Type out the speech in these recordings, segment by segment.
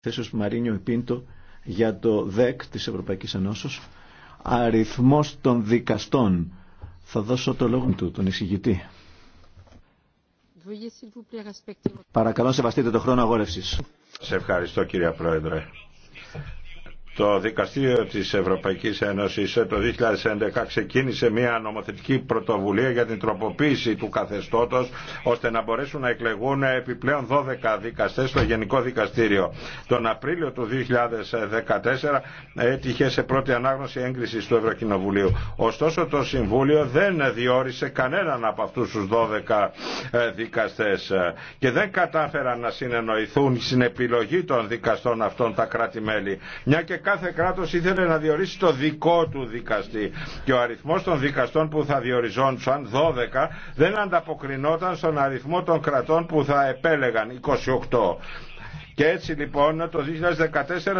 θέσεως Μαρίνιο Επίντο για το ΔΕΚ της Ευρωπαϊκής Ενώσεως αριθμός των δικαστών θα δώσω το λόγο του, τον εισηγητή Παρακαλώ σεβαστείτε το χρόνο αγόρευσης Σε ευχαριστώ κύριε Πρόεδρε το Δικαστήριο της Ευρωπαϊκής Ένωσης το 2011 ξεκίνησε μια νομοθετική πρωτοβουλία για την τροποποίηση του καθεστώτος ώστε να μπορέσουν να εκλεγούν επιπλέον 12 δικαστές στο Γενικό Δικαστήριο. Τον Απρίλιο του 2014 έτυχε σε πρώτη ανάγνωση έγκριση του Ευρωκοινοβουλίου. Ωστόσο το Συμβούλιο δεν διόρισε κανέναν από αυτούς τους 12 ε, δικαστές ε, και δεν κατάφεραν να συνεννοηθούν στην επιλογή των δικαστών αυτών τα κράτη-μέλη κάθε κράτος ήθελε να διορίσει το δικό του δικαστή και ο αριθμός των δικαστών που θα διοριζόντουσαν 12 δεν ανταποκρινόταν στον αριθμό των κρατών που θα επέλεγαν 28. Και έτσι λοιπόν το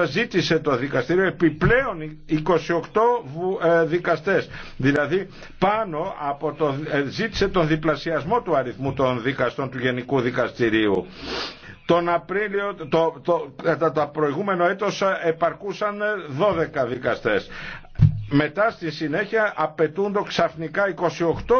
2014 ζήτησε το δικαστήριο επιπλέον 28 ε, δικαστές. Δηλαδή πάνω από το, ε, ζήτησε τον διπλασιασμό του αριθμού των δικαστών του Γενικού Δικαστηρίου. Τον Απρίλιο, το, το, το, το προηγούμενο έτος επαρκούσαν 12 δικαστές μετά στη συνέχεια απαιτούνται ξαφνικά 28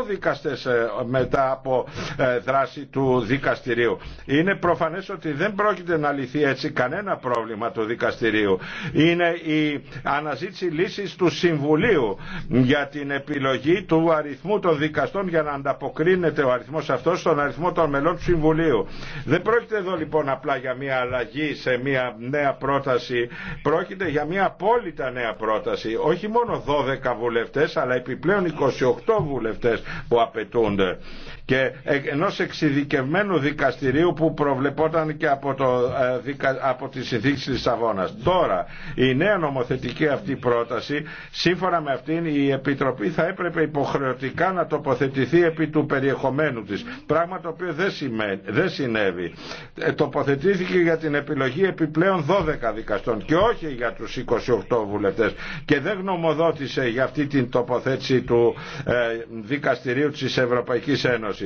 δικαστές ε, μετά από ε, δράση του δικαστηρίου. Είναι προφανές ότι δεν πρόκειται να λυθεί έτσι κανένα πρόβλημα του δικαστηρίου. Είναι η αναζήτηση λύσης του Συμβουλίου για την επιλογή του αριθμού των δικαστών για να ανταποκρίνεται ο αριθμός αυτός στον αριθμό των μελών του Συμβουλίου. Δεν πρόκειται εδώ λοιπόν απλά για μια αλλαγή σε μια νέα πρόταση. Πρόκειται για μια απόλυτα νέα πρόταση. Όχι μόνο 12 βουλευτές αλλά επιπλέον 28 βουλευτές που απαιτούνται και ενός εξειδικευμένου δικαστηρίου που προβλεπόταν και από, το, ε, από τη συνθήκη της Τώρα η νέα νομοθετική αυτή πρόταση σύμφωνα με αυτήν η Επιτροπή θα έπρεπε υποχρεωτικά να τοποθετηθεί επί του περιεχομένου της πράγμα το οποίο δεν, δεν συνέβη. Ε, τοποθετήθηκε για την επιλογή επιπλέον 12 δικαστών και όχι για τους 28 βουλευτές και δεν γνωμοδότησε για αυτή την τοποθέτηση του ε, δικαστηρίου της Ευρωπαϊκής Ένωσης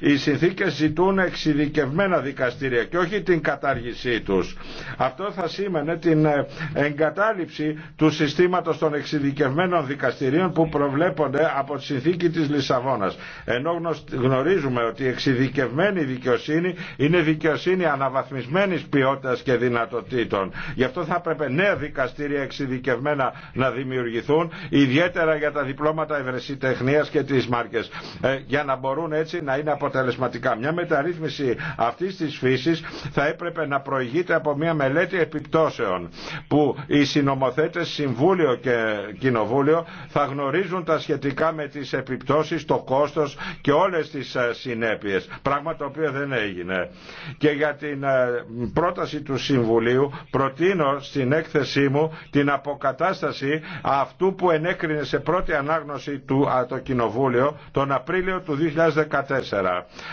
οι συνθήκες ζητούν εξειδικευμένα δικαστήρια και όχι την κατάργησή τους. Αυτό θα σήμαινε την ε, εγκατάλειψη του συστήματος των εξειδικευμένων δικαστηρίων που προβλέπονται από τη συνθήκη της Λισαβόνας. Ενώ γνωρίζουμε ότι η εξειδικευμένη δικαιοσύνη είναι δικαιοσύνη αναβαθμισμένης ποιότητας και δυνατοτήτων. Γι' αυτό θα έπρεπε νέα δικαστήρια εξειδικευμένα να δημιουργηθούν, ιδιαίτερα για τα διπλώματα ευρεσιτεχνία και τις μάρκες, ε, για να μπορούν έτσι να είναι αποτελεσματικά. Μια μεταρρύθμιση αυτή τη φύση θα έπρεπε να προηγείται από μια μελέτη επιπτώσεων που οι συνομοθέτες Συμβούλιο και Κοινοβούλιο θα γνωρίζουν τα σχετικά με τις επιπτώσεις, το κόστος και όλες τις ε, συνέπειες. Πράγμα το οποίο δεν έγινε. Και για την ε, πρόταση του Συμβουλίου προτείνω στην έκθεσή μου την αποκατάσταση αυτού που ενέκρινε σε πρώτη ανάγνωση του, το Κοινοβούλιο τον Απρίλιο του 2014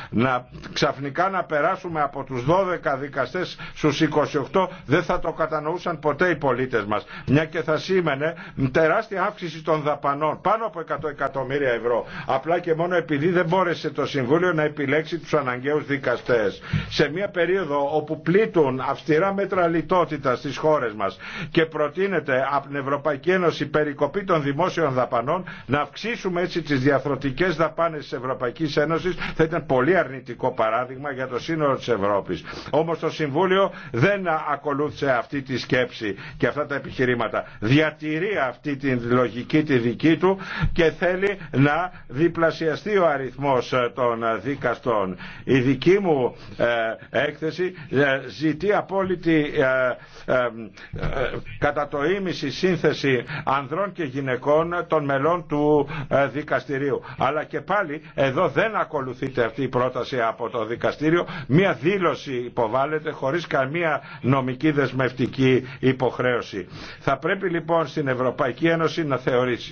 να ξαφνικά να περάσουμε από τους 12 δικαστές στους 28 δεν θα το κατανοούσαν ποτέ οι πολίτες μας. Μια και θα σήμαινε τεράστια αύξηση των δαπανών, πάνω από 100 εκατομμύρια ευρώ. Απλά και μόνο επειδή δεν μπόρεσε το Συμβούλιο να επιλέξει τους αναγκαίους δικαστές. Σε μια περίοδο όπου πλήττουν αυστηρά μέτρα λιτότητα στις χώρες μας και προτείνεται από την Ευρωπαϊκή Ένωση περικοπή των δημόσιων δαπανών να αυξήσουμε έτσι τις διαθροτικές δαπάνες της Ευρωπαϊκής θα ήταν πολύ αρνητικό παράδειγμα για το σύνολο της Ευρώπης. Όμως το Συμβούλιο δεν ακολούθησε αυτή τη σκέψη και αυτά τα επιχειρήματα. Διατηρεί αυτή τη λογική τη δική του και θέλει να διπλασιαστεί ο αριθμός ε, των ε, δικαστών. Η δική μου ε, έκθεση ζητεί απόλυτη κατά το ίμιση σύνθεση ανδρών και γυναικών των μελών του δικαστηρίου. Αλλά και πάλι εδώ δεν ακολουθείτε αυτή η πρόταση από το δικαστήριο. Μία δήλωση υποβάλλεται χωρίς καμία νομική δεσμευτική υποχρέωση. Θα πρέπει λοιπόν στην Ευρωπαϊκή Ένωση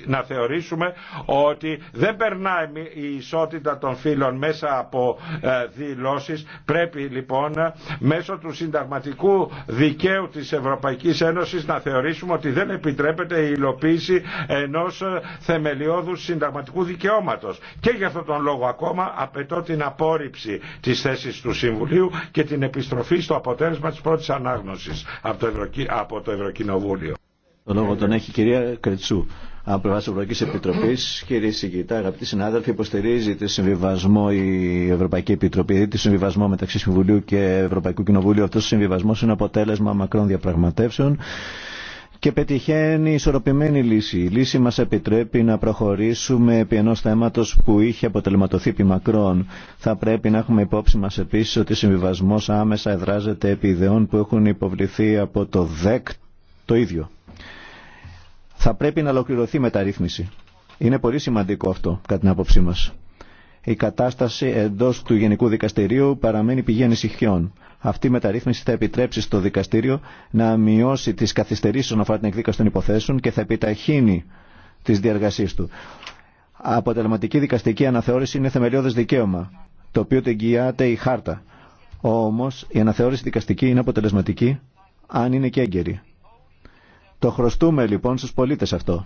να, θεωρήσουμε ότι δεν περνάει η ισότητα των φύλων μέσα από ε, δηλώσεις. Πρέπει λοιπόν ε, μέσω του συνταγματικού δικαίου της Ευρωπαϊκής Ένωσης να θεωρήσουμε ότι δεν επιτρέπεται η υλοποίηση ενός ε, θεμελιώδους συνταγματικού δικαιώματος. Και για αυτόν τον λόγο ακόμα Ακόμα απαιτώ την απόρριψη της θέσης του Συμβουλίου και την επιστροφή στο αποτέλεσμα της πρώτης ανάγνωσης από το, Ευρωκοι... από το Ευρωκοινοβούλιο. Το λόγο τον έχει η κυρία Κρετσού. Από πλευρά τη Ευρωπαϊκή Επιτροπή, κύριε Σιγητά, αγαπητοί συνάδελφοι, υποστηρίζει τη συμβιβασμό η Ευρωπαϊκή Επιτροπή, τη συμβιβασμό μεταξύ Συμβουλίου και Ευρωπαϊκού Κοινοβουλίου. Αυτό ο συμβιβασμό είναι αποτέλεσμα μακρών διαπραγματεύσεων και πετυχαίνει ισορροπημένη λύση. Η λύση μας επιτρέπει να προχωρήσουμε επί ενός θέματος που είχε αποτελεματωθεί επί μακρόν. Θα πρέπει να έχουμε υπόψη μας επίσης ότι ο συμβιβασμός άμεσα εδράζεται επί ιδεών που έχουν υποβληθεί από το ΔΕΚ το ίδιο. Θα πρέπει να ολοκληρωθεί μεταρρύθμιση. Είναι πολύ σημαντικό αυτό κατά την άποψή μας η κατάσταση εντό του Γενικού Δικαστηρίου παραμένει πηγή ανησυχιών. Αυτή η μεταρρύθμιση θα επιτρέψει στο δικαστήριο να μειώσει τι καθυστερήσει όσον αφορά την εκδίκαση των υποθέσεων και θα επιταχύνει τις διαργασίες του. Αποτελεσματική δικαστική αναθεώρηση είναι θεμελιώδες δικαίωμα, το οποίο το εγγυάται η χάρτα. Όμω, η αναθεώρηση δικαστική είναι αποτελεσματική αν είναι και έγκαιρη. Το χρωστούμε λοιπόν στου πολίτε αυτό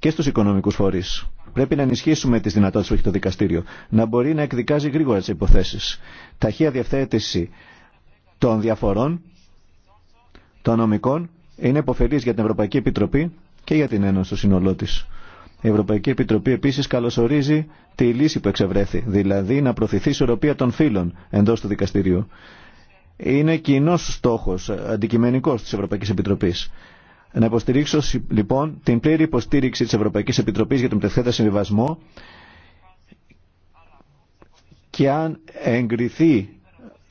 και στους οικονομικούς φορείς. Πρέπει να ενισχύσουμε τις δυνατότητες που έχει το δικαστήριο, να μπορεί να εκδικάζει γρήγορα τις υποθέσεις. Ταχεία διευθέτηση των διαφορών, των νομικών, είναι υποφελής για την Ευρωπαϊκή Επιτροπή και για την Ένωση στο σύνολό της. Η Ευρωπαϊκή Επιτροπή επίσης καλωσορίζει τη λύση που εξευρέθη, δηλαδή να προωθηθεί ισορροπία των φύλων εντός του δικαστηρίου. Είναι κοινό στόχος, αντικειμενικός της Ευρωπαϊκής Επιτροπής. Να υποστηρίξω λοιπόν την πλήρη υποστήριξη της Ευρωπαϊκής Επιτροπής για τον Πτευθέντα Συμβιβασμό και αν εγκριθεί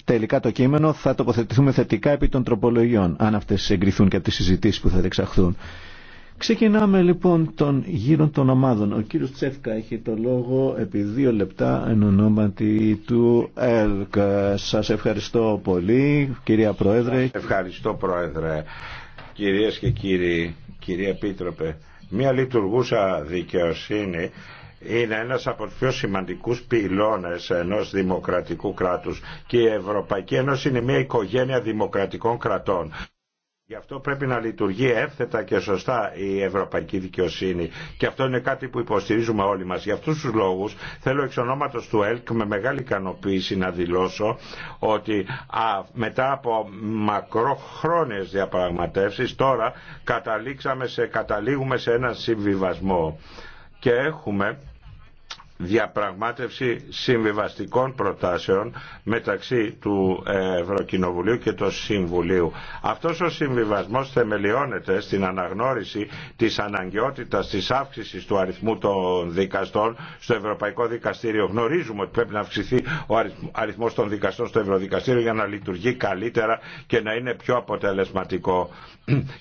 τελικά το κείμενο θα τοποθετηθούμε θετικά επί των τροπολογιών, αν αυτές εγκριθούν και από τις συζητήσεις που θα διεξαχθούν. Ξεκινάμε λοιπόν τον γύρο των ομάδων. Ο κύριος Τσέφκα έχει το λόγο επί δύο λεπτά εν ονόματι του ΕΛΚ. Σας ευχαριστώ πολύ κυρία Πρόεδρε. Ευχαριστώ Πρόεδρε. Κυρίες και κύριοι, κυρία Επίτροπε, μια λειτουργούσα δικαιοσύνη είναι ένας από τους πιο σημαντικούς πυλώνες ενός δημοκρατικού κράτους και η Ευρωπαϊκή Ένωση είναι μια οικογένεια δημοκρατικών κρατών. Γι' αυτό πρέπει να λειτουργεί εύθετα και σωστά η ευρωπαϊκή δικαιοσύνη. Και αυτό είναι κάτι που υποστηρίζουμε όλοι μα. Για αυτού του λόγου θέλω εξ ονόματο του ΕΛΚ με μεγάλη ικανοποίηση να δηλώσω ότι μετά από μακροχρόνιε διαπραγματεύσει τώρα καταλήξαμε σε, καταλήγουμε σε έναν συμβιβασμό. Και έχουμε διαπραγμάτευση συμβιβαστικών προτάσεων μεταξύ του Ευρωκοινοβουλίου και του Συμβουλίου. Αυτός ο συμβιβασμός θεμελιώνεται στην αναγνώριση της αναγκαιότητας της αύξησης του αριθμού των δικαστών στο Ευρωπαϊκό Δικαστήριο. Γνωρίζουμε ότι πρέπει να αυξηθεί ο αριθμός των δικαστών στο Ευρωδικαστήριο για να λειτουργεί καλύτερα και να είναι πιο αποτελεσματικό.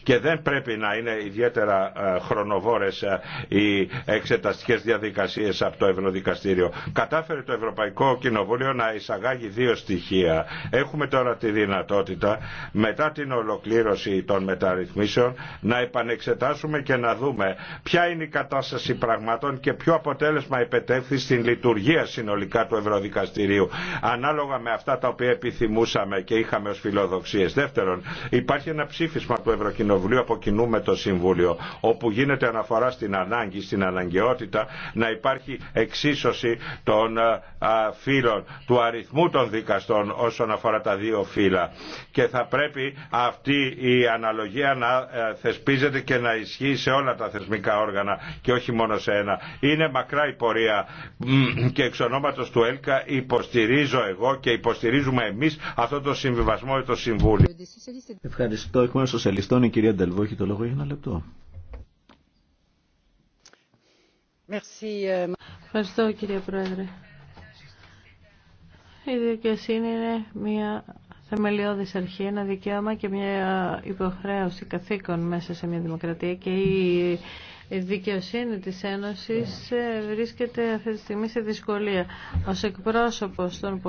Και δεν πρέπει να είναι ιδιαίτερα ε, χρονοβόρες ε, οι εξεταστικέ διαδικασίε από το Ευρωδικαστήριο Δικαστήριο. Κατάφερε το Ευρωπαϊκό Κοινοβούλιο να εισαγάγει δύο στοιχεία. Έχουμε τώρα τη δυνατότητα μετά την ολοκλήρωση των μεταρρυθμίσεων να επανεξετάσουμε και να δούμε ποια είναι η κατάσταση πραγμάτων και ποιο αποτέλεσμα επετέφθη στην λειτουργία συνολικά του Ευρωδικαστηρίου ανάλογα με αυτά τα οποία επιθυμούσαμε και είχαμε ως φιλοδοξίες. Δεύτερον, υπάρχει ένα ψήφισμα του Ευρωκοινοβουλίου από κοινού με το Συμβούλιο όπου γίνεται αναφορά στην ανάγκη, στην αναγκαιότητα να υπάρχει εξίσωση των ε, φύλων, του αριθμού των δικαστών όσον αφορά τα δύο φύλλα. Και θα πρέπει αυτή η αναλογία να ε, θεσπίζεται και να ισχύει σε όλα τα θεσμικά όργανα και όχι μόνο σε ένα. Είναι μακρά η πορεία και εξ ονόματος του ΕΛΚΑ υποστηρίζω εγώ και υποστηρίζουμε εμείς αυτό το συμβιβασμό και το Συμβούλιο. Ευχαριστώ. Έχουμε σοσιαλιστών η κυρία Ντελβό. Έχει το λόγο για ένα λεπτό. Merci. Ε, Ευχαριστώ κύριε Πρόεδρε. Η δικαιοσύνη είναι μια θεμελιώδης αρχή, ένα δικαίωμα και μια υποχρέωση καθήκων μέσα σε μια δημοκρατία και η δικαιοσύνη της Ένωσης ε, βρίσκεται αυτή τη στιγμή σε δυσκολία. Ως εκπρόσωπος των,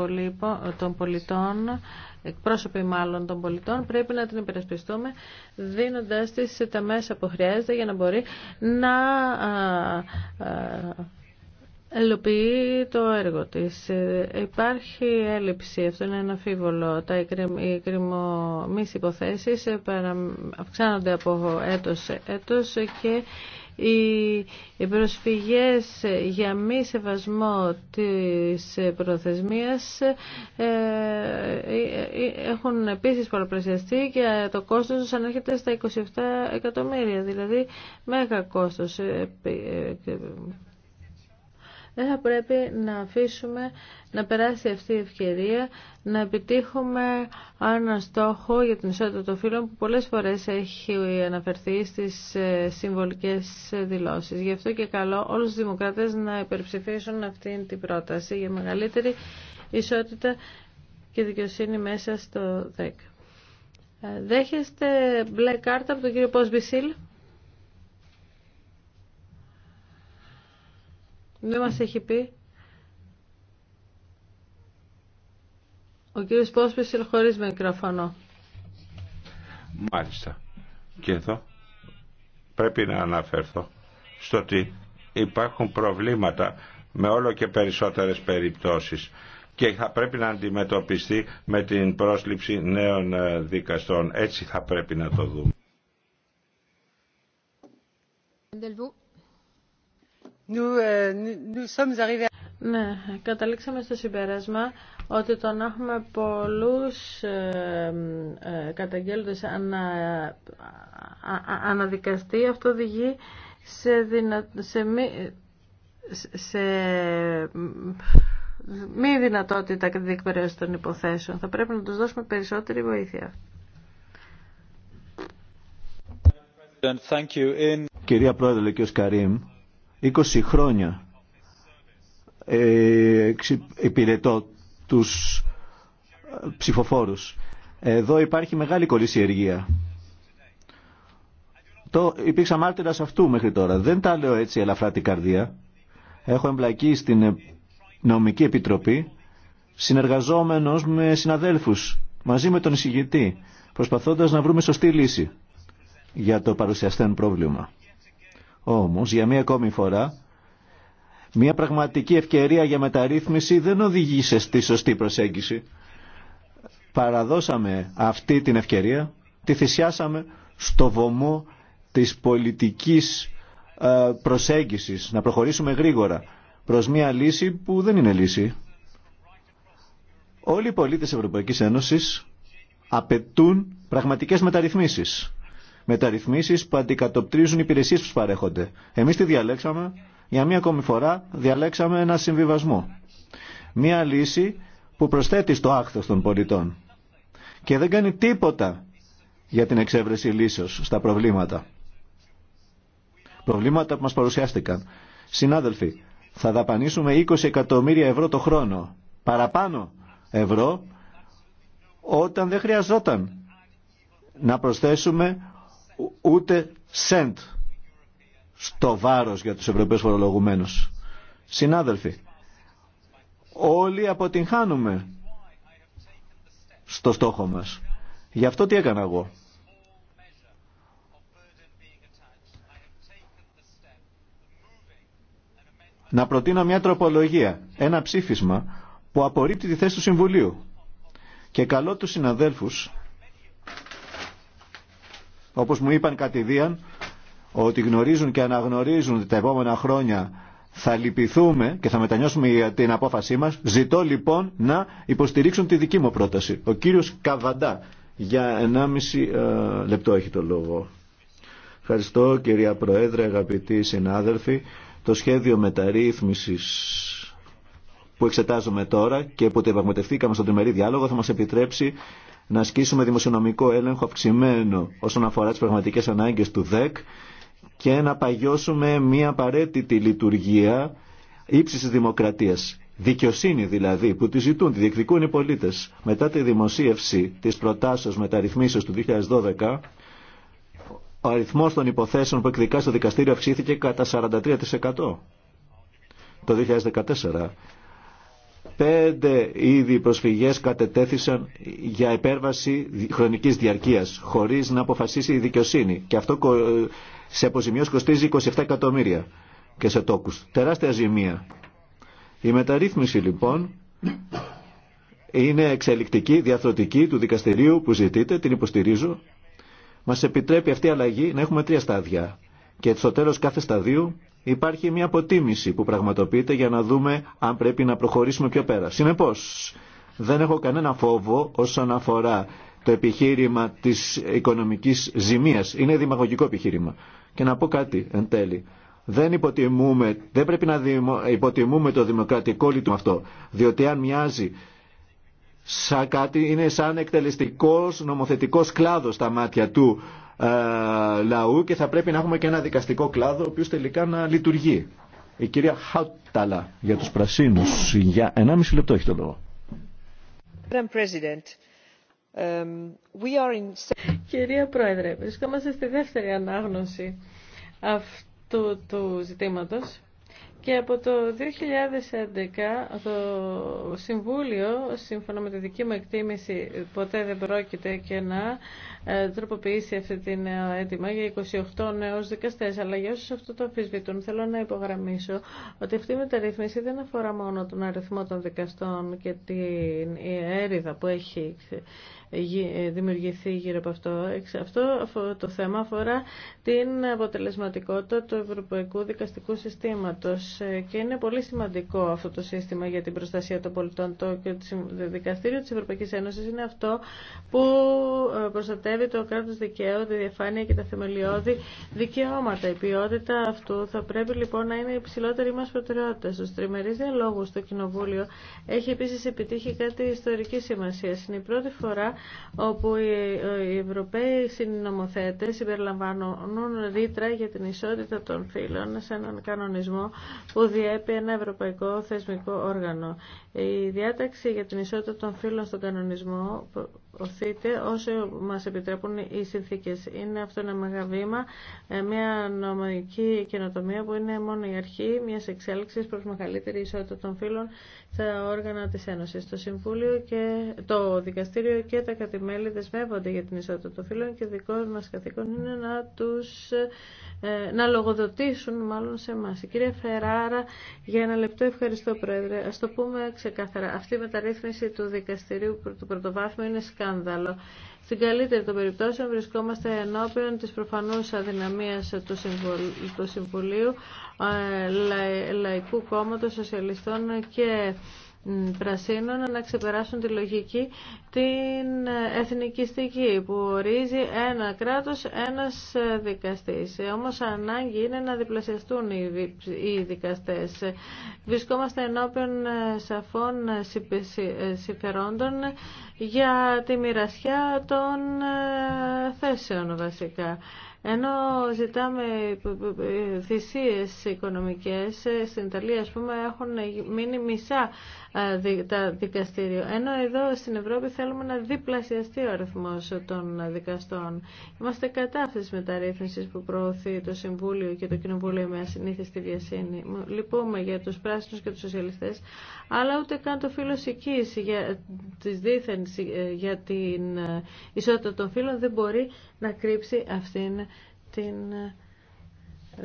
πολιτών, εκπρόσωποι μάλλον των πολιτών, πρέπει να την υπερασπιστούμε δίνοντάς της τα μέσα που χρειάζεται για να μπορεί να ελοποιεί το έργο της. Ε, υπάρχει έλλειψη, αυτό είναι ένα φίβολο. Τα οι υποθεσει υποθέσεις ε, αυξάνονται από έτος σε έτος και οι προσφυγές για μη σεβασμό της προθεσμίας ε, έχουν επίσης πολλαπλασιαστεί και το κόστος τους ανέρχεται στα 27 εκατομμύρια, δηλαδή μέγα κόστος δεν θα πρέπει να αφήσουμε να περάσει αυτή η ευκαιρία να επιτύχουμε ένα στόχο για την ισότητα των φίλων που πολλές φορές έχει αναφερθεί στις ε, συμβολικές δηλώσεις. Γι' αυτό και καλό όλους τους δημοκράτες να υπερψηφίσουν αυτή την πρόταση για μεγαλύτερη ισότητα και δικαιοσύνη μέσα στο ΔΕΚ. Ε, δέχεστε μπλε κάρτα από τον κύριο Σιλ. Δεν μας έχει πει. Ο κύριος Πόσπης χωρίς μικρόφωνο. Μάλιστα. Και εδώ πρέπει να αναφερθώ στο ότι υπάρχουν προβλήματα με όλο και περισσότερες περιπτώσεις και θα πρέπει να αντιμετωπιστεί με την πρόσληψη νέων ε, δικαστών. Έτσι θα πρέπει να το δούμε. Euh, ναι, καταλήξαμε στο συμπέρασμα ότι το να έχουμε πολλούς ε, ε, καταγγέλλοντες ανα, αναδικαστεί, αυτό οδηγεί σε, σε, μη, σε μη δυνατότητα διεκπαιρέωση των υποθέσεων. Θα πρέπει να τους δώσουμε περισσότερη βοήθεια. Κυρία Πρόεδρε, κύριος Καρύμ, 20 χρόνια ε, υπηρετώ τους ε, ψηφοφόρους. Εδώ υπάρχει μεγάλη κολλησιεργία. Το υπήρξα μάρτυρας αυτού μέχρι τώρα. Δεν τα λέω έτσι ελαφρά την καρδία. Έχω εμπλακεί στην ε, νομική επιτροπή συνεργαζόμενος με συναδέλφους μαζί με τον εισηγητή προσπαθώντας να βρούμε σωστή λύση για το παρουσιαστέν πρόβλημα. Όμως, για μία ακόμη φορά, μία πραγματική ευκαιρία για μεταρρύθμιση δεν οδηγήσε στη σωστή προσέγγιση. Παραδώσαμε αυτή την ευκαιρία, τη θυσιάσαμε στο βωμό της πολιτικής ε, προσέγγισης, να προχωρήσουμε γρήγορα προς μία λύση που δεν είναι λύση. Όλοι οι πολίτες Ευρωπαϊκής Ένωσης απαιτούν πραγματικές μεταρρυθμίσεις μεταρρυθμίσεις που αντικατοπτρίζουν οι υπηρεσίε που παρέχονται. Εμεί τη διαλέξαμε, για μία ακόμη φορά διαλέξαμε ένα συμβιβασμό. Μία λύση που προσθέτει στο άκθος των πολιτών και δεν κάνει τίποτα για την εξέβρεση λύσεως στα προβλήματα. Προβλήματα που μας παρουσιάστηκαν. Συνάδελφοι, θα δαπανίσουμε 20 εκατομμύρια ευρώ το χρόνο. Παραπάνω ευρώ όταν δεν χρειαζόταν να προσθέσουμε ούτε σεντ στο βάρος για τους Ευρωπαίους φορολογουμένους. Συνάδελφοι, όλοι αποτυγχάνουμε στο στόχο μας. Γι' αυτό τι έκανα εγώ. Να προτείνω μια τροπολογία, ένα ψήφισμα που απορρίπτει τη θέση του Συμβουλίου. Και καλό τους συναδέλφους όπως μου είπαν κατηδίαν ότι γνωρίζουν και αναγνωρίζουν ότι τα επόμενα χρόνια θα λυπηθούμε και θα μετανιώσουμε για την απόφασή μας. Ζητώ λοιπόν να υποστηρίξουν τη δική μου πρόταση. Ο κύριος Καβαντά για 1,5 ε, λεπτό έχει το λόγο. Ευχαριστώ κυρία Προέδρε, αγαπητοί συνάδελφοι. Το σχέδιο μεταρρύθμισης που εξετάζουμε τώρα και που διαπραγματευτήκαμε στον τριμερή διάλογο θα μας επιτρέψει να ασκήσουμε δημοσιονομικό έλεγχο αυξημένο όσον αφορά τις πραγματικές ανάγκες του ΔΕΚ και να παγιώσουμε μια απαραίτητη λειτουργία ύψης της δημοκρατίας. Δικαιοσύνη δηλαδή που τη ζητούν, τη διεκδικούν οι πολίτες. Μετά τη δημοσίευση της προτάσεως μεταρρυθμίσεως του 2012, ο αριθμός των υποθέσεων που εκδικά στο δικαστήριο αυξήθηκε κατά 43% το 2014. Πέντε ήδη προσφυγές κατετέθησαν για επέρβαση χρονικής διαρκείας, χωρίς να αποφασίσει η δικαιοσύνη. Και αυτό σε αποζημιώσεις κοστίζει 27 εκατομμύρια και σε τόκους. Τεράστια ζημία. Η μεταρρύθμιση λοιπόν είναι εξελικτική, διαθρωτική του δικαστηρίου που ζητείτε, την υποστηρίζω. Μας επιτρέπει αυτή η αλλαγή να έχουμε τρία στάδια. Και στο τέλος κάθε σταδίου υπάρχει μια αποτίμηση που πραγματοποιείται για να δούμε αν πρέπει να προχωρήσουμε πιο πέρα. Συνεπώ, δεν έχω κανένα φόβο όσον αφορά το επιχείρημα της οικονομικής ζημίας. Είναι δημαγωγικό επιχείρημα. Και να πω κάτι εν τέλει. Δεν, υποτιμούμε, δεν πρέπει να υποτιμούμε το δημοκρατικό λειτουργικό αυτό, διότι αν μοιάζει σαν κάτι, είναι σαν εκτελεστικός νομοθετικός κλάδος στα μάτια του ε, λαού και θα πρέπει να έχουμε και ένα δικαστικό κλάδο ο οποίο τελικά να λειτουργεί. Η κυρία Χάουταλα για τους πρασίνους. Για 1,5 λεπτό έχει το λόγο. Um, κυρία Πρόεδρε, βρισκόμαστε στη δεύτερη ανάγνωση αυτού του ζητήματος και από το 2011 το Συμβούλιο, σύμφωνα με τη δική μου εκτίμηση, ποτέ δεν πρόκειται και να ε, τροποποιήσει αυτή την ε, αίτημα για 28 νέους δικαστές. Αλλά για όσους αυτό το αμφισβητούν θέλω να υπογραμμίσω ότι αυτή η μεταρρύθμιση δεν αφορά μόνο τον αριθμό των δικαστών και την έρηδα που έχει ε, δημιουργηθεί γύρω από αυτό. Αυτό το θέμα αφορά την αποτελεσματικότητα του Ευρωπαϊκού Δικαστικού Συστήματος και είναι πολύ σημαντικό αυτό το σύστημα για την προστασία των πολιτών. Το δικαστήριο της Ευρωπαϊκής Ένωσης είναι αυτό που προστατεύει το κράτος δικαίου, τη διαφάνεια και τα θεμελιώδη δικαιώματα. Η ποιότητα αυτού θα πρέπει λοιπόν να είναι η υψηλότερη μας προτεραιότητα. Στου τριμερείς διαλόγου στο Κοινοβούλιο έχει επίσης επιτύχει κάτι ιστορική σημασία. Είναι η πρώτη φορά όπου οι Ευρωπαίοι συνομοθέτες συμπεριλαμβάνουν ρήτρα για την ισότητα των φύλων σε έναν κανονισμό που διέπει ένα ευρωπαϊκό θεσμικό όργανο. Η διάταξη για την ισότητα των φύλων στον κανονισμό οθείται όσο μας επιτρέπουν οι συνθήκες. Είναι αυτό ένα μεγάλο βήμα, ε, μια νομική καινοτομία που είναι μόνο η αρχή μιας εξέλιξης προς μεγαλύτερη ισότητα των φύλων τα όργανα της Ένωσης. Το Συμβούλιο και το Δικαστήριο και τα κατημέλη δεσμεύονται για την ισότητα των φύλων και δικό μας καθήκον είναι να τους ε, να λογοδοτήσουν μάλλον σε εμά. Κυρία Φεράρα, για ένα λεπτό ευχαριστώ Πρόεδρε. Ας το πούμε ξεκάθαρα. Αυτή η μεταρρύθμιση του δικαστηρίου του Πρωτοβάθμου είναι σκάνδαλο. Στην καλύτερη των περιπτώσεων βρισκόμαστε ενώπιον της προφανούς αδυναμίας του Συμβουλίου Λαϊκού Κόμματος, Σοσιαλιστών και πρασίνων να ξεπεράσουν τη λογική την εθνικιστική που ορίζει ένα κράτος, ένας δικαστής. Όμως ανάγκη είναι να διπλασιαστούν οι δικαστές. Βρισκόμαστε ενώπιον ε, σαφών ε, συμφερόντων για τη μοιρασιά των ε, θέσεων βασικά. Ενώ ζητάμε θυσίες οικονομικές, ε, στην Ιταλία ας πούμε έχουν μείνει μισά ε, τα δικαστήριο. Ενώ εδώ στην Ευρώπη θέλουμε να διπλασιαστεί ο αριθμό των δικαστών. Είμαστε κατά αυτή τη μεταρρύθμιση που προωθεί το Συμβούλιο και το Κοινοβούλιο με ασυνήθιστη βιασύνη. Λυπούμε για του πράσινου και του σοσιαλιστέ, αλλά ούτε καν το φίλο για, τις δίθεν, για την ε, ισότητα των φίλων δεν μπορεί να κρύψει αυτήν την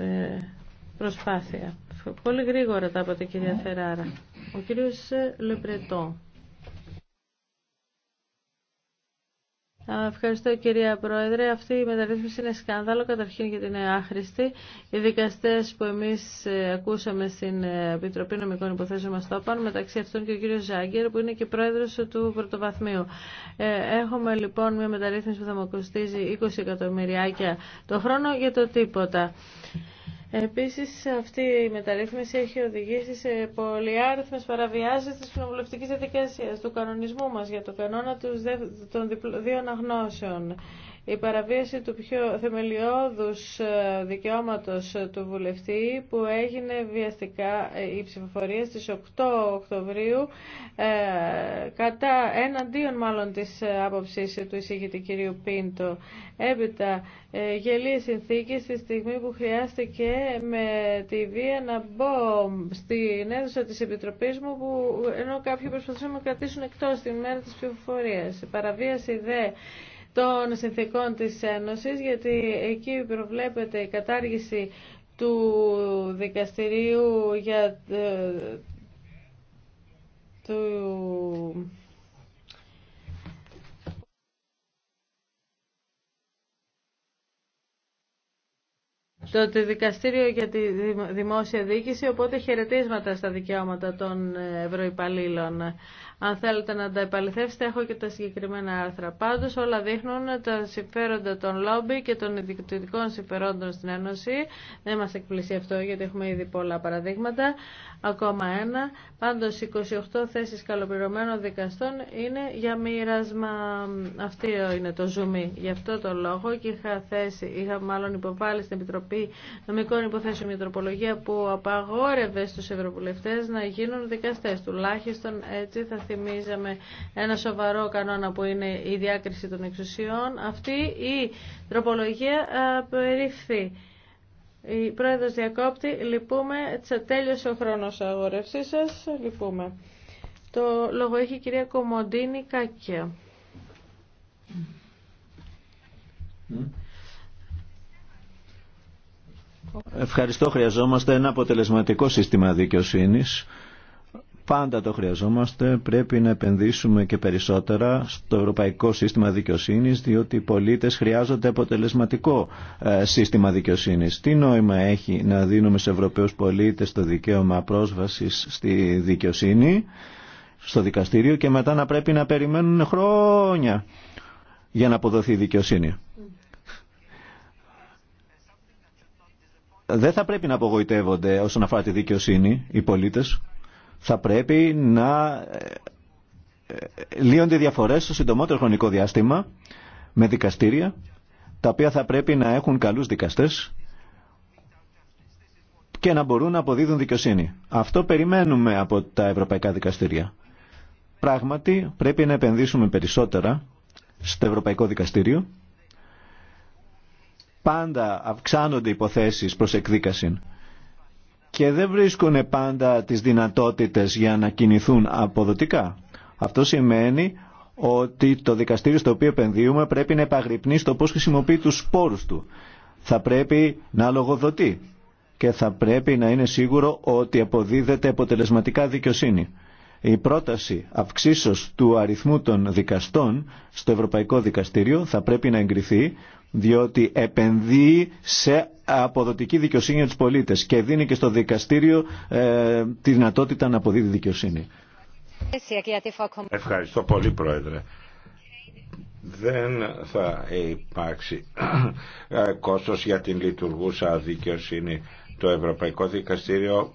ε, προσπάθεια. Πολύ γρήγορα τα είπατε κυρία Φεράρα. Ο κύριος Λεπρετό. Ευχαριστώ κυρία Πρόεδρε. Αυτή η μεταρρύθμιση είναι σκάνδαλο καταρχήν γιατί είναι άχρηστη. Οι δικαστές που εμείς ε, ακούσαμε στην ε, Επιτροπή Νομικών Υποθέσεων μας το είπαν, μεταξύ αυτών και ο κύριος Ζάγκερ που είναι και πρόεδρος του Πρωτοβαθμίου. Ε, έχουμε λοιπόν μια μεταρρύθμιση που θα μου κοστίζει 20 εκατομμυριάκια το χρόνο για το τίποτα. Επίσης αυτή η μεταρρύθμιση έχει οδηγήσει σε πολυάριθμες παραβιάσεις της κοινοβουλευτικής διαδικασία του κανονισμού μας για το κανόνα των δύο αναγνώσεων. Η παραβίαση του πιο θεμελιώδους ε, δικαιώματος του βουλευτή που έγινε βιαστικά ε, η ψηφοφορία στις 8 Οκτωβρίου ε, κατά εναντίον μάλλον της άποψης του εισηγητή κυρίου Πίντο. Έπειτα ε, γελίες συνθήκες στη στιγμή που χρειάστηκε με τη βία να μπω στην αίθουσα της Επιτροπής μου που ενώ κάποιοι προσπαθούν να με κρατήσουν εκτός την μέρα της ψηφοφορίας. Παραβίαση δε των συνθήκων της Ένωσης γιατί εκεί προβλέπεται η κατάργηση του δικαστηρίου για ε, του το Δικαστήριο για τη Δημόσια Διοίκηση, οπότε χαιρετίσματα στα δικαιώματα των ε, ευρωυπαλλήλων. Αν θέλετε να τα επαληθεύσετε, έχω και τα συγκεκριμένα άρθρα. Πάντω, όλα δείχνουν τα συμφέροντα των λόμπι και των ιδιωτικών συμφερόντων στην Ένωση. Δεν μα εκπλήσει αυτό, γιατί έχουμε ήδη πολλά παραδείγματα. Ακόμα ένα. Πάντω, 28 θέσει καλοπληρωμένων δικαστών είναι για μοίρασμα. Αυτή είναι το ζουμί. Γι' αυτό το λόγο και είχα θέσει, είχα μάλλον υποβάλει στην Επιτροπή Νομικών Υποθέσεων μια τροπολογία που απαγόρευε στου ευρωβουλευτέ να γίνουν δικαστέ. Τουλάχιστον έτσι θα θυμίζαμε ένα σοβαρό κανόνα που είναι η διάκριση των εξουσιών, αυτή η τροπολογία ε, περιφθεί. Η πρόεδρος διακόπτη, λυπούμε, τέλειωσε ο χρόνος αγορευσή σας, λυπούμε. Το λόγο έχει η κυρία Κομοντίνη Κάκια. Ευχαριστώ. Χρειαζόμαστε ένα αποτελεσματικό σύστημα δικαιοσύνης Πάντα το χρειαζόμαστε, πρέπει να επενδύσουμε και περισσότερα στο ευρωπαϊκό σύστημα δικαιοσύνης, διότι οι πολίτες χρειάζονται αποτελεσματικό ε, σύστημα δικαιοσύνης. Τι νόημα έχει να δίνουμε σε ευρωπαίους πολίτες το δικαίωμα πρόσβασης στη δικαιοσύνη, στο δικαστήριο και μετά να πρέπει να περιμένουν χρόνια για να αποδοθεί η δικαιοσύνη. Δεν θα πρέπει να απογοητεύονται όσον αφορά τη δικαιοσύνη οι πολίτες θα πρέπει να ε, ε, λύονται διαφορές στο συντομότερο χρονικό διάστημα με δικαστήρια τα οποία θα πρέπει να έχουν καλούς δικαστές και να μπορούν να αποδίδουν δικαιοσύνη. Αυτό περιμένουμε από τα ευρωπαϊκά δικαστήρια. Πράγματι πρέπει να επενδύσουμε περισσότερα στο Ευρωπαϊκό Δικαστήριο. Πάντα αυξάνονται υποθέσεις προς εκδίκαση και δεν βρίσκουν πάντα τις δυνατότητες για να κινηθούν αποδοτικά. Αυτό σημαίνει ότι το δικαστήριο στο οποίο επενδύουμε πρέπει να επαγρυπνεί στο πώς χρησιμοποιεί τους σπόρους του. Θα πρέπει να λογοδοτεί και θα πρέπει να είναι σίγουρο ότι αποδίδεται αποτελεσματικά δικαιοσύνη. Η πρόταση αυξήσεως του αριθμού των δικαστών στο Ευρωπαϊκό Δικαστήριο θα πρέπει να εγκριθεί διότι επενδύει σε αποδοτική δικαιοσύνη για τους πολίτες και δίνει και στο δικαστήριο ε, τη δυνατότητα να αποδίδει δικαιοσύνη. Ευχαριστώ πολύ Πρόεδρε. Δεν θα υπάρξει ε, κόστος για την λειτουργούσα δικαιοσύνη το Ευρωπαϊκό Δικαστήριο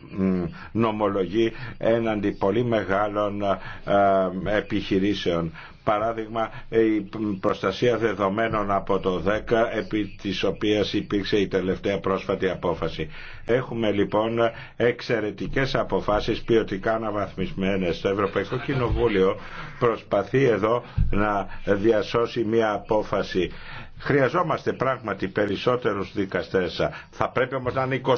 νομολογεί έναντι πολύ μεγάλων ε, επιχειρήσεων παράδειγμα η προστασία δεδομένων από το 10 επί της οποίας υπήρξε η τελευταία πρόσφατη απόφαση. Έχουμε λοιπόν εξαιρετικές αποφάσεις ποιοτικά αναβαθμισμένες. Το Ευρωπαϊκό Κοινοβούλιο προσπαθεί εδώ να διασώσει μια απόφαση. Χρειαζόμαστε πράγματι περισσότερους δικαστές. Θα πρέπει όμως να είναι 28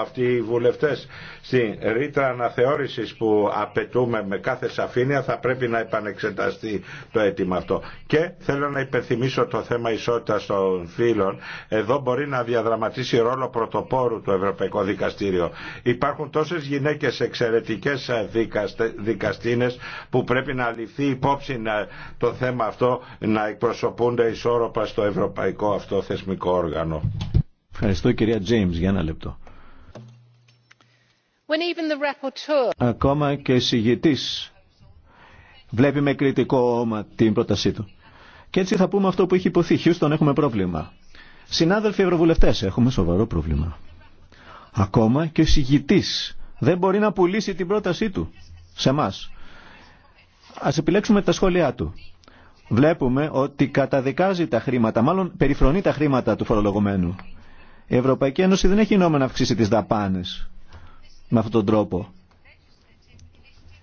αυτοί οι βουλευτές. Στην ρήτρα αναθεώρησης που απαιτούμε με κάθε σαφήνεια θα πρέπει να επανεξεταστεί το αίτημα αυτό. Και θέλω να υπενθυμίσω το θέμα ισότητα των φύλων. Εδώ μπορεί να διαδραματίσει ρόλο πρωτοπόρου του Ευρωπαϊκού Δικαστήριο. Υπάρχουν τόσες γυναίκες εξαιρετικές ε, δικαστίνες που πρέπει να ληφθεί υπόψη ε, το θέμα αυτό να εκπροσωπούνται ισόρροπα στο ευρωπαϊκό αυτό θεσμικό όργανο. Ευχαριστώ κυρία Τζέιμς για ένα λεπτό. Ακόμα και συγητής βλέπει με κριτικό όμα την πρότασή του. Και έτσι θα πούμε αυτό που έχει υποθεί. Χιούστον έχουμε πρόβλημα. Συνάδελφοι ευρωβουλευτές, έχουμε σοβαρό πρόβλημα. Ακόμα και ο εισηγητής δεν μπορεί να πουλήσει την πρότασή του σε εμά. Ας επιλέξουμε τα σχόλιά του. Βλέπουμε ότι καταδικάζει τα χρήματα, μάλλον περιφρονεί τα χρήματα του φορολογωμένου. Η Ευρωπαϊκή Ένωση δεν έχει νόμο να αυξήσει τις δαπάνες με αυτόν τον τρόπο.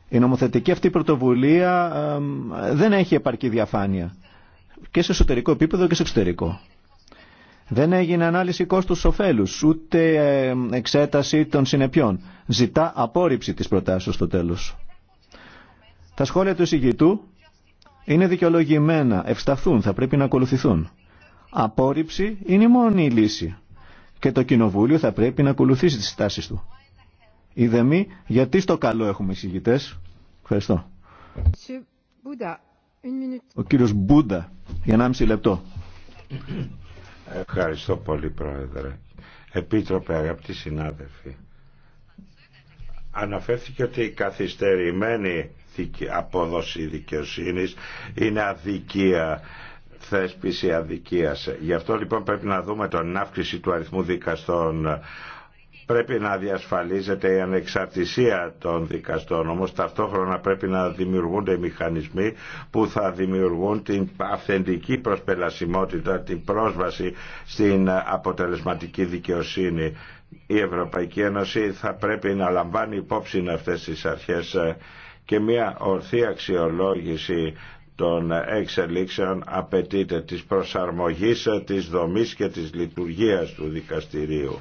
Η νομοθετική αυτή πρωτοβουλία δεν έχει επαρκή διαφάνεια και σε εσωτερικό επίπεδο και σε εξωτερικό. Δεν έγινε ανάλυση κόστους ωφέλους, ούτε ε, εξέταση των συνεπιών. Ζητά απόρριψη της προτάσεως στο τέλος. Τα σχόλια του εισηγητού είναι δικαιολογημένα, ευσταθούν, θα πρέπει να ακολουθηθούν. Απόρριψη είναι η μόνη λύση και το Κοινοβούλιο θα πρέπει να ακολουθήσει τις στάσεις του. Η γιατί στο καλό έχουμε εισηγητές. Ευχαριστώ. Ο κύριος Μπούντα, για 1,5 λεπτό. Ευχαριστώ πολύ Πρόεδρε. Επίτροπε αγαπητοί συνάδελφοι. Αναφέρθηκε ότι η καθυστερημένη απόδοση δικαιοσύνης είναι αδικία θέσπιση αδικίας. Γι' αυτό λοιπόν πρέπει να δούμε τον αύξηση του αριθμού δικαστών πρέπει να διασφαλίζεται η ανεξαρτησία των δικαστών, όμως ταυτόχρονα πρέπει να δημιουργούνται μηχανισμοί που θα δημιουργούν την αυθεντική προσπελασιμότητα, την πρόσβαση στην αποτελεσματική δικαιοσύνη. Η Ευρωπαϊκή Ένωση θα πρέπει να λαμβάνει υπόψη αυτές τις αρχές ε, και μια ορθή αξιολόγηση των εξελίξεων απαιτείται της προσαρμογής ε, της δομής και της λειτουργίας του δικαστηρίου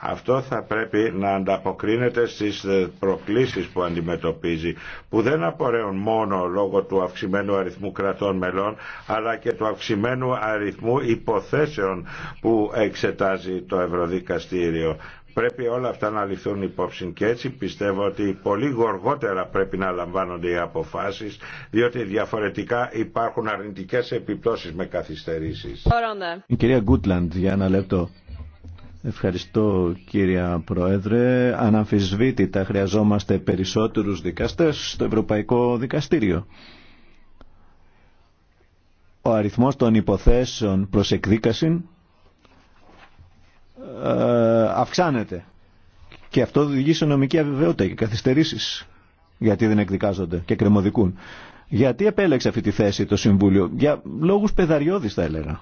αυτό θα πρέπει να ανταποκρίνεται στις ε, προκλήσεις που αντιμετωπίζει, που δεν απορρέουν μόνο λόγω του αυξημένου αριθμού κρατών μελών, αλλά και του αυξημένου αριθμού υποθέσεων που εξετάζει το Ευρωδικαστήριο. Πρέπει όλα αυτά να ληφθούν υπόψη και έτσι πιστεύω ότι πολύ γοργότερα πρέπει να λαμβάνονται οι αποφάσεις διότι διαφορετικά υπάρχουν αρνητικές επιπτώσεις με καθυστερήσεις. Η κυρία Γκούτλαντ για ένα λεπτό. Ευχαριστώ κύρια Πρόεδρε. Αναμφισβήτητα χρειαζόμαστε περισσότερους δικαστές στο Ευρωπαϊκό Δικαστήριο. Ο αριθμός των υποθέσεων προς εκδίκαση ε, αυξάνεται και αυτό οδηγεί σε νομική αβεβαιότητα και καθυστερήσεις γιατί δεν εκδικάζονται και κρεμοδικούν. Γιατί επέλεξε αυτή τη θέση το Συμβούλιο, για λόγους πεδαριώδης θα έλεγα.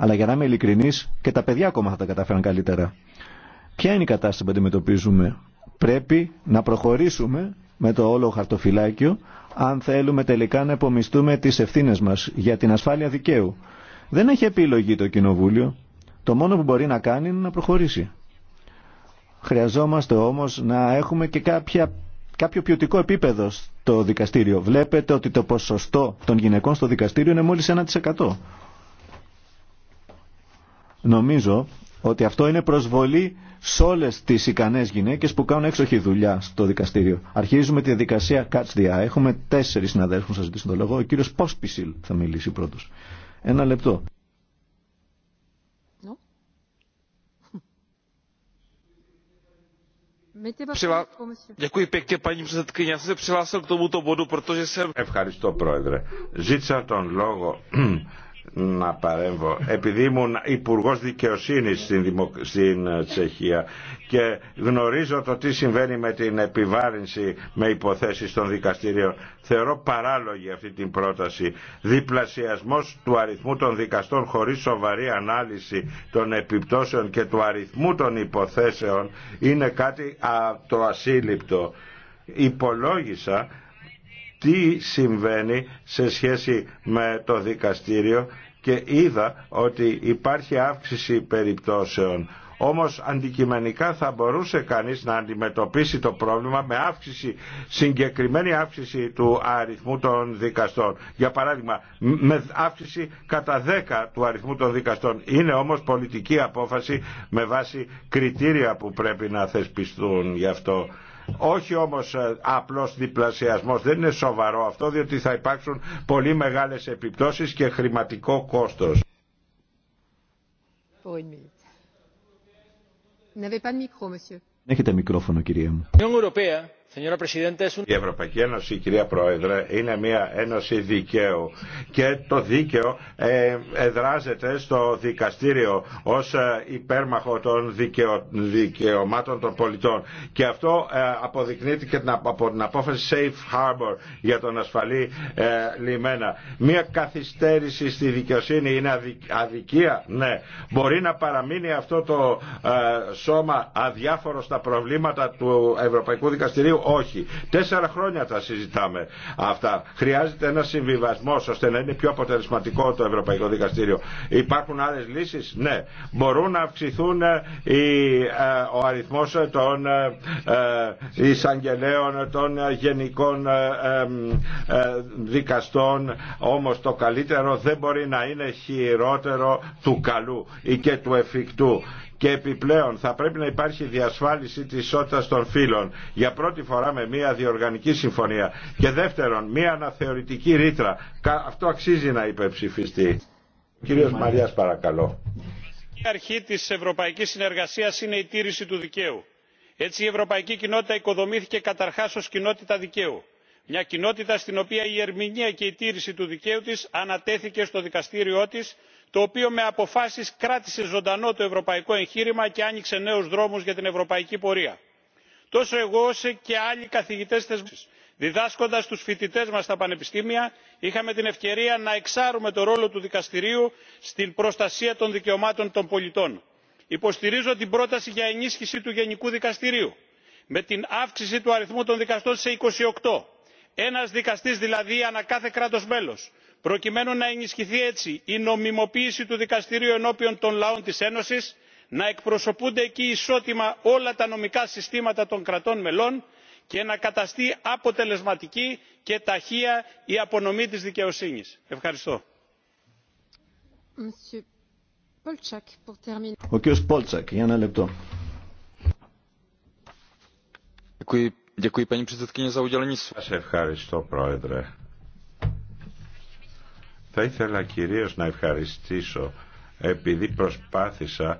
Αλλά για να είμαι ειλικρινή, και τα παιδιά ακόμα θα τα καταφέραν καλύτερα. Ποια είναι η κατάσταση που αντιμετωπίζουμε. Πρέπει να προχωρήσουμε με το όλο χαρτοφυλάκιο, αν θέλουμε τελικά να επομιστούμε τι ευθύνε μα για την ασφάλεια δικαίου. Δεν έχει επιλογή το Κοινοβούλιο. Το μόνο που μπορεί να κάνει είναι να προχωρήσει. Χρειαζόμαστε όμω να έχουμε και κάποια, κάποιο ποιοτικό επίπεδο στο δικαστήριο. Βλέπετε ότι το ποσοστό των γυναικών στο δικαστήριο είναι μόλι 1%. Νομίζω ότι αυτό είναι προσβολή σε όλε τι ικανέ γυναίκε που κάνουν έξοχη δουλειά στο δικαστήριο. Αρχίζουμε τη διαδικασία Catch the Eye. Έχουμε τέσσερι συναδέλφου να ζητήσουν το λόγο. Ο κύριο Πόσπισιλ θα μιλήσει πρώτο. Ένα λεπτό. Ευχαριστώ πρόεδρε. Ζήτησα τον λόγο να παρέμβω. Επειδή ήμουν υπουργό δικαιοσύνη στην, δημο... στην ε, Τσεχία και γνωρίζω το τι συμβαίνει με την επιβάρυνση με υποθέσεις των δικαστηρίων, θεωρώ παράλογη αυτή την πρόταση. Διπλασιασμός του αριθμού των δικαστών χωρίς σοβαρή ανάλυση των επιπτώσεων και του αριθμού των υποθέσεων είναι κάτι το ασύλληπτο. Υπολόγισα τι συμβαίνει σε σχέση με το δικαστήριο και είδα ότι υπάρχει αύξηση περιπτώσεων. Όμως αντικειμενικά θα μπορούσε κανείς να αντιμετωπίσει το πρόβλημα με αύξηση, συγκεκριμένη αύξηση του αριθμού των δικαστών. Για παράδειγμα, με αύξηση κατά 10 του αριθμού των δικαστών. Είναι όμως πολιτική απόφαση με βάση κριτήρια που πρέπει να θεσπιστούν γι' αυτό. Όχι όμως ε, απλός διπλασιασμός. Δεν είναι σοβαρό αυτό διότι θα υπάρξουν πολύ μεγάλες επιπτώσεις και χρηματικό κόστος. Έχετε μικρόφωνο κυρία μου. Η Ευρωπαϊκή Ένωση, κυρία Πρόεδρε, είναι μια ένωση δικαίου και το δίκαιο ε, εδράζεται στο δικαστήριο ως ε, υπέρμαχο των δικαιωμάτων των πολιτών και αυτό ε, αποδεικνύεται και από την απόφαση Safe Harbor για τον ασφαλή λιμένα. Μια καθυστέρηση στη δικαιοσύνη είναι αδικία, ναι. Μπορεί να παραμείνει αυτό το σώμα αδιάφορο στα προβλήματα του Ευρωπαϊκού Δικαστηρίου όχι. Τέσσερα χρόνια τα συζητάμε αυτά. Χρειάζεται ένα συμβιβασμό ώστε να είναι πιο αποτελεσματικό το Ευρωπαϊκό Δικαστήριο. Υπάρχουν άλλε λύσει. Ναι. Μπορούν να αυξηθούν ε, ε, ο αριθμό των ε, εισαγγελέων, των γενικών δικαστών. Όμω το καλύτερο δεν μπορεί να είναι χειρότερο του καλού ή και του εφικτού και επιπλέον θα πρέπει να υπάρχει διασφάλιση της ισότητας των φύλων για πρώτη φορά με μια διοργανική συμφωνία και δεύτερον μια αναθεωρητική ρήτρα αυτό αξίζει να υπεψηφιστεί. Κύριος Μαριάς παρακαλώ Η αρχή της ευρωπαϊκής συνεργασίας είναι η τήρηση του δικαίου έτσι η ευρωπαϊκή κοινότητα οικοδομήθηκε καταρχάς ως κοινότητα δικαίου μια κοινότητα στην οποία η ερμηνεία και η τήρηση του δικαίου της ανατέθηκε στο δικαστήριό της το οποίο με αποφάσεις κράτησε ζωντανό το ευρωπαϊκό εγχείρημα και άνοιξε νέους δρόμους για την ευρωπαϊκή πορεία. τόσο εγώ όσο και άλλοι καθηγητές διδάσκοντας τους φοιτητές μας στα πανεπιστήμια είχαμε την ευκαιρία να εξάρουμε το ρόλο του δικαστηρίου στην προστασία των δικαιωμάτων των πολιτών. υποστηρίζω την πρόταση για ενίσχυση του γενικού δικαστηρίου με την αύξηση του αριθμού των δικαστών σε 28 ένας δικαστής δηλαδή ανά κάθε κράτος μέλος προκειμένου να ενισχυθεί έτσι η νομιμοποίηση του δικαστηρίου ενώπιον των λαών της ένωσης να εκπροσωπούνται εκεί ισότιμα όλα τα νομικά συστήματα των κρατών μελών και να καταστεί αποτελεσματική και ταχεία η απονομή της δικαιοσύνης. Ευχαριστώ. Ο Σα ευχαριστώ πρόεδρε. Θα ήθελα κυρίως να ευχαριστήσω επειδή προσπάθησα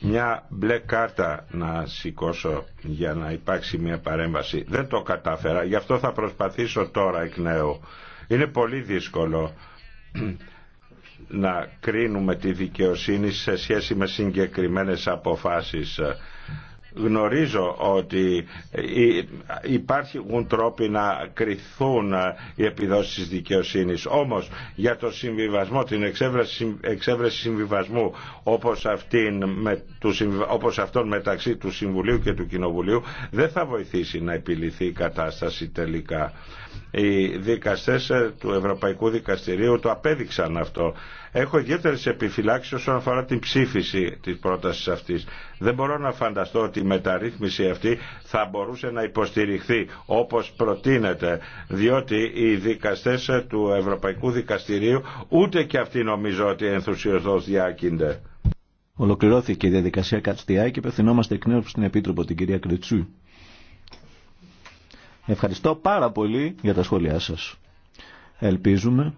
μια μπλε κάρτα να σηκώσω για να υπάρξει μια παρέμβαση. Δεν το κατάφερα, γι' αυτό θα προσπαθήσω τώρα εκ νέου. Είναι πολύ δύσκολο να κρίνουμε τη δικαιοσύνη σε σχέση με συγκεκριμένες αποφάσεις γνωρίζω ότι υπάρχουν τρόποι να κριθούν ε, οι επιδόσεις της δικαιοσύνης. Όμως για το συμβιβασμό, την εξέβρεση συμβιβασμού όπως, αυτήν, με, όπως αυτόν μεταξύ του Συμβουλίου και του Κοινοβουλίου δεν θα βοηθήσει να επιληθεί η κατάσταση τελικά. Οι δικαστές ε, του Ευρωπαϊκού Δικαστηρίου το απέδειξαν αυτό. Έχω ιδιαίτερε επιφυλάξει όσον αφορά την ψήφιση της πρότασης αυτής. Δεν μπορώ να φανταστώ η μεταρρύθμιση αυτή θα μπορούσε να υποστηριχθεί όπως προτείνεται διότι οι δικαστές του Ευρωπαϊκού Δικαστηρίου ούτε και αυτοί νομίζω ότι ενθουσιοδός διάκυνται. Ολοκληρώθηκε η διαδικασία Κατστιάη και πεθυνόμαστε εκ νέου στην Επίτροπο, την κυρία Κριτσού. Ευχαριστώ πάρα πολύ για τα σχόλιά σας. Ελπίζουμε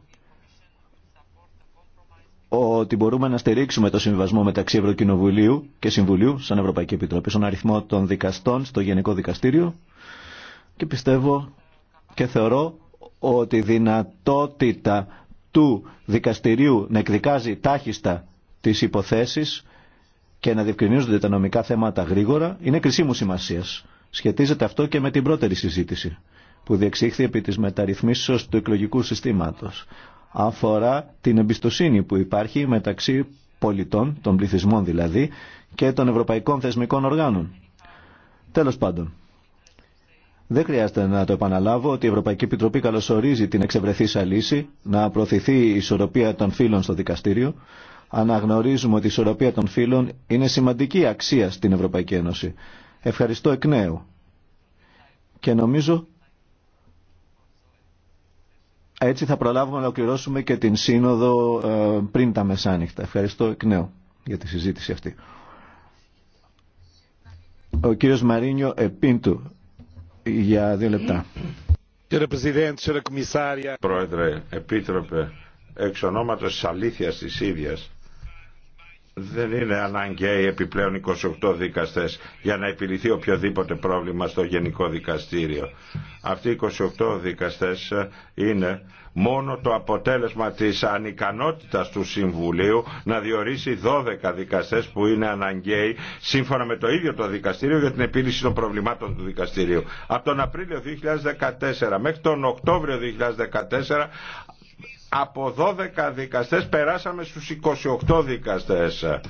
ότι μπορούμε να στηρίξουμε το συμβασμό μεταξύ Ευρωκοινοβουλίου και Συμβουλίου σαν Ευρωπαϊκή Επιτροπή στον αριθμό των δικαστών στο Γενικό Δικαστήριο και πιστεύω και θεωρώ ότι η δυνατότητα του δικαστηρίου να εκδικάζει τάχιστα τις υποθέσεις και να διευκρινίζονται τα νομικά θέματα γρήγορα είναι κρισίμου σημασίας. Σχετίζεται αυτό και με την πρώτερη συζήτηση που διεξήχθη επί της μεταρρυθμίσεως του εκλογικού συστήματος αφορά την εμπιστοσύνη που υπάρχει μεταξύ πολιτών, των πληθυσμών δηλαδή, και των ευρωπαϊκών θεσμικών οργάνων. Τέλος πάντων, δεν χρειάζεται να το επαναλάβω ότι η Ευρωπαϊκή Επιτροπή καλωσορίζει την εξευρεθήσα λύση να προωθηθεί η ισορροπία των φύλων στο δικαστήριο. Αναγνωρίζουμε ότι η ισορροπία των φύλων είναι σημαντική αξία στην Ευρωπαϊκή Ένωση. Ευχαριστώ εκ νέου. Και νομίζω έτσι θα προλάβουμε να ολοκληρώσουμε και την σύνοδο ε, πριν τα μεσάνυχτα. Ευχαριστώ εκ νέου για τη συζήτηση αυτή. Ο κύριος Μαρίνιο Επίντου για δύο λεπτά. Πρόεδρε, Επίτροπε, εξ ονόματος της αλήθειας της ίδιας δεν είναι αναγκαίοι επιπλέον 28 δικαστές για να επιληθεί οποιοδήποτε πρόβλημα στο Γενικό Δικαστήριο. Αυτοί οι 28 δικαστές ε, είναι μόνο το αποτέλεσμα της ανικανότητας του Συμβουλίου να διορίσει 12 δικαστές που είναι αναγκαίοι σύμφωνα με το ίδιο το δικαστήριο για την επίλυση των προβλημάτων του δικαστηρίου. Από τον Απρίλιο 2014 μέχρι τον Οκτώβριο 2014 από 12 δικαστές περάσαμε στους 28 δικαστές.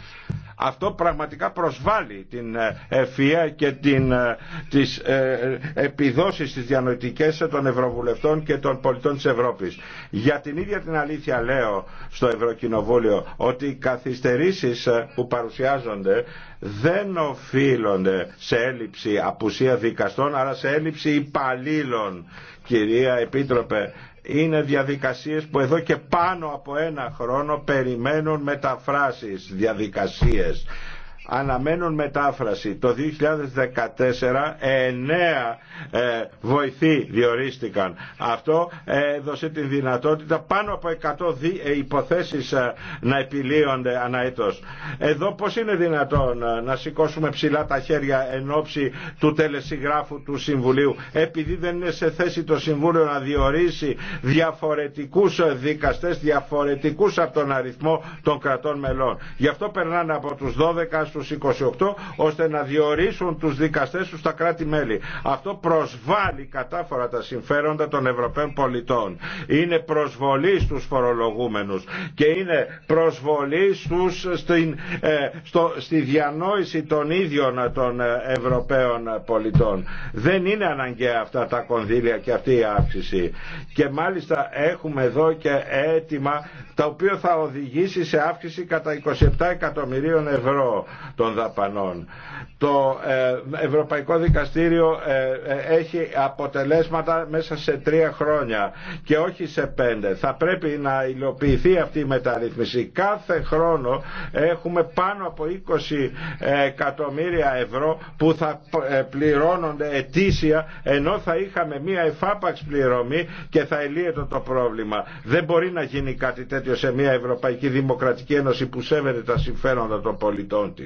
Αυτό πραγματικά προσβάλλει την ε, ευφυία και την, ε, τις ε, επιδόσεις διανοητικές των Ευρωβουλευτών και των πολιτών της Ευρώπης. Για την ίδια την αλήθεια λέω στο Ευρωκοινοβούλιο ότι οι καθυστερήσεις ε, που παρουσιάζονται δεν οφείλονται σε έλλειψη απουσία δικαστών αλλά σε έλλειψη υπαλλήλων. Κυρία Επίτροπε, είναι διαδικασίες που εδώ και πάνω από ένα χρόνο περιμένουν μεταφράσεις διαδικασίες αναμένουν μετάφραση. Το 2014 εννέα ε, βοηθοί διορίστηκαν. Αυτό έδωσε την δυνατότητα πάνω από 100 δι, ε, υποθέσεις ε, να επιλύονται ανά Εδώ πώς είναι δυνατόν ε, να σηκώσουμε ψηλά τα χέρια εν ώψη του τελεσυγράφου του Συμβουλίου επειδή δεν είναι σε θέση το Συμβούλιο να διορίσει διαφορετικούς δικαστές διαφορετικούς από τον αριθμό των κρατών μελών. Γι' αυτό περνάνε από τους 12 στους 28 ώστε να διορίσουν τους δικαστές τους στα κράτη-μέλη. Αυτό προσβάλλει κατάφορα τα συμφέροντα των Ευρωπαίων πολιτών. Είναι προσβολή στους φορολογούμενους και είναι προσβολή στους στην, ε, στο, στη διανόηση των ίδιων των ε, Ευρωπαίων πολιτών. Δεν είναι αναγκαία αυτά τα κονδύλια και αυτή η αύξηση. Και μάλιστα έχουμε εδώ και έτοιμα τα οποία θα οδηγήσει σε αύξηση κατά 27 εκατομμυρίων ευρώ των δαπανών. Το ε, Ευρωπαϊκό Δικαστήριο ε, ε, έχει αποτελέσματα μέσα σε τρία χρόνια και όχι σε πέντε. Θα πρέπει να υλοποιηθεί αυτή η μεταρρύθμιση. Κάθε χρόνο έχουμε πάνω από 20 εκατομμύρια ευρώ που θα πληρώνονται ετήσια ενώ θα είχαμε μία εφάπαξ πληρωμή και θα ελύεται το πρόβλημα. Δεν μπορεί να γίνει κάτι τέτοιο σε μία Ευρωπαϊκή Δημοκρατική Ένωση που σέβεται τα συμφέροντα των πολιτών τη.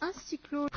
Ευχαριστώ.